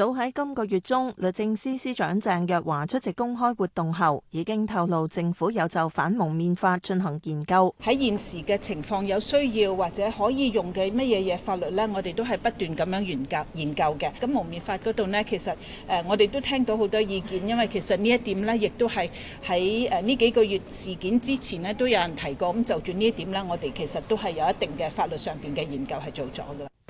早喺今個月中，律政司司長鄭若驊出席公開活動後，已經透露政府有就反蒙面法進行研究。喺現時嘅情況有需要或者可以用嘅乜嘢嘢法律呢？我哋都係不斷咁樣嚴格研究嘅。咁蒙面法嗰度呢，其實誒，我哋都聽到好多意見，因為其實呢一點呢，亦都係喺誒呢幾個月事件之前呢，都有人提過。咁就住呢一點呢，我哋其實都係有一定嘅法律上邊嘅研究係做咗㗎喇。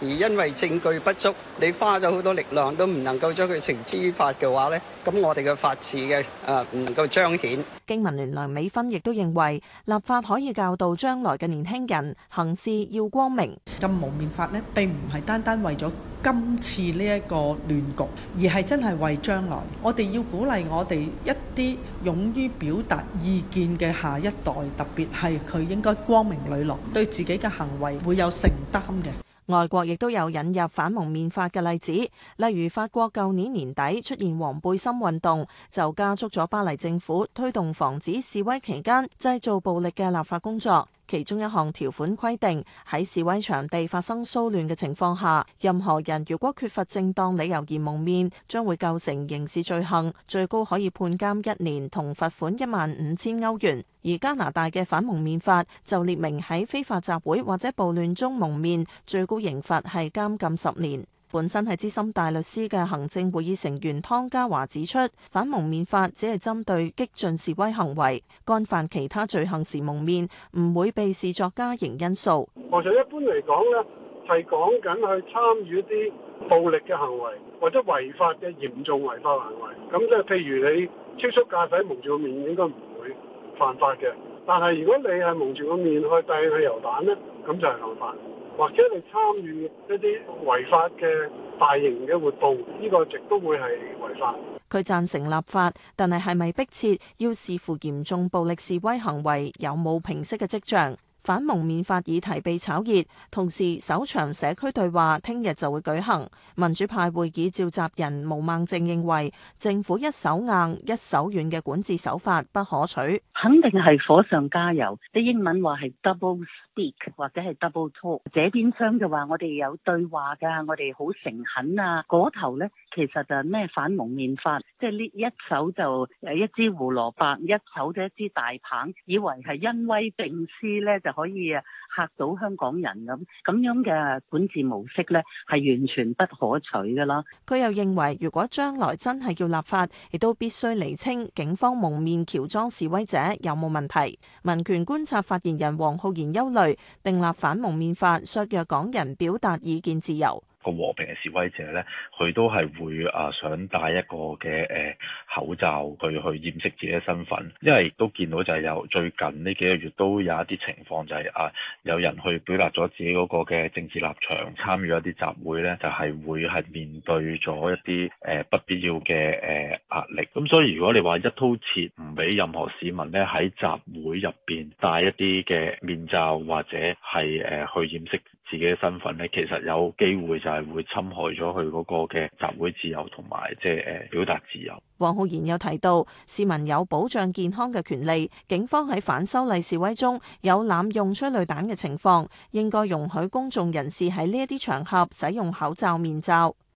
而因為證據不足，你花咗好多力量都唔能夠將佢繩之於法嘅話咧，咁我哋嘅法治嘅啊，唔夠彰顯。經民聯梁美芬亦都認為立法可以教導將來嘅年輕人行事要光明。咁蒙面法咧，並唔係單單為咗今次呢一個亂局，而係真係為將來。我哋要鼓勵我哋一啲勇於表達意見嘅下一代，特別係佢應該光明磊落，對自己嘅行為會有承擔嘅。外國亦都有引入反蒙面法嘅例子，例如法國舊年年底出現黃背心運動，就加速咗巴黎政府推動防止示威期間製造暴力嘅立法工作。其中一項條款規定，喺示威場地發生騷亂嘅情況下，任何人如果缺乏正當理由而蒙面，將會構成刑事罪行，最高可以判監一年同罰款一萬五千歐元。而加拿大嘅反蒙面法就列明，喺非法集會或者暴亂中蒙面，最高刑罰係監禁十年。本身係資深大律師嘅行政會議成員湯家驊指出，反蒙面法只係針對激進示威行為，干犯其他罪行時蒙面唔會被視作加刑因素。我想一般嚟講呢，係講緊去參與啲暴力嘅行為或者違法嘅嚴重違法行為。咁即係譬如你超速駕駛蒙住個面應該唔會犯法嘅，但係如果你係蒙住個面去掟汽油彈呢，咁就係犯法。或者你參與一啲違法嘅大型嘅活動，呢個亦都會係違法。佢贊成立法，但係係咪迫切要視乎嚴重暴力示威行為有冇平息嘅跡象。反蒙面法議題被炒熱，同時首場社區對話聽日就會舉行。民主派會議召集人毛孟靜認為，政府一手硬一手軟嘅管治手法不可取，肯定係火上加油。啲英文話係 double speak 或者係 double talk，這邊廂就話我哋有對話噶，我哋好誠懇啊，嗰頭呢，其實就係咩反蒙面法，即係呢一手就誒一支胡蘿蔔，一手就一支大棒，以為係恩威並施呢。就。可以嚇到香港人咁咁樣嘅管治模式呢，係完全不可取㗎啦。佢又認為，如果將來真係要立法，亦都必須釐清警方蒙面喬裝示威者有冇問題。民權觀察發言人黃浩然憂慮，訂立反蒙面法，削弱港人表達意見自由。個和平嘅示威者呢，佢都係會啊想戴一個嘅誒、呃、口罩去去掩飾自己身份，因為都見到就係有最近呢幾個月都有一啲情況就係啊有人去表達咗自己嗰個嘅政治立場，參與一啲集會呢，就係、是、會係面對咗一啲誒、呃、不必要嘅誒、呃、壓力。咁所以如果你話一刀切唔俾任何市民呢喺集會入邊戴一啲嘅面罩或者係誒、呃、去掩飾，自己嘅身份呢，其實有機會就係會侵害咗佢嗰個嘅集會自由同埋即係誒表達自由。黃浩然又提到，市民有保障健康嘅權利，警方喺反修例示威中有濫用催淚彈嘅情況，應該容許公眾人士喺呢一啲場合使用口罩面罩。